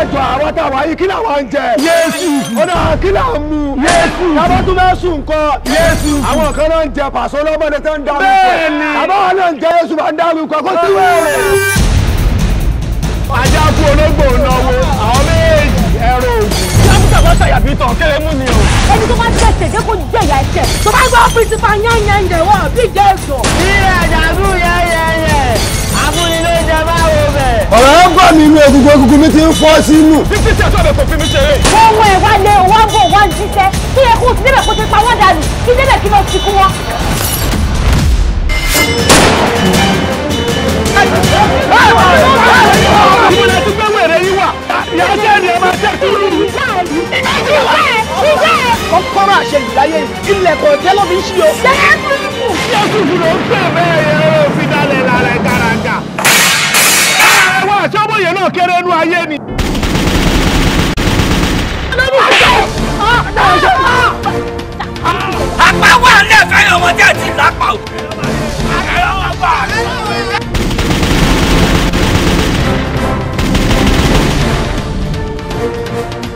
ẹjọ àwọn táwa yìí kí làwọn ń jẹ. yéésù. ó náà ń mu. yéésù. tábà tún bẹ́ẹ̀ sùn kọ. yéésù. àwọn kan náà ń jẹ pàṣọ lọ́mọdé tó ń darúgbó. bẹ́ẹ̀ni. tábà wọn náà ń jẹ yéésù bá ń darúgbó kó sí wẹ́ẹ̀rẹ̀. ajá kú ológbò náwó àwọn méjì ẹrọ òògùn. lábùkà bá ṣàyàfi tàn kéré mú ni o. ẹni tó bá tẹ̀sẹ̀ egungun egungun mi ti ń fọ́ sínú. títí tí a sọ̀rọ̀ kò fi mí ṣeré. wọ́n mú ìwà lé wọ́n bò wọ́n jíṣẹ́ kí eku ti débẹ̀ kó ti pa wọ́n dànù kí débẹ̀ kí lọ́ọ́ ti kú wọn. ìmọ̀lẹ̀ tó gbé wẹ̀rẹ̀ yín wà ìyájẹ́ ni ẹ máa jẹ́ kúrú. kọ́kọ́rọ́ àṣẹ ìdáyé ilẹ̀kọ̀ jẹ́ ló ṣí o. ṣé é kúrú kù. ṣé é kúrú ló ń bẹ̀rẹ̀ èèyàn kéré nú ayé ni. apá wà ń lẹ̀ ọmọdé àti ìlápá o. Thank you.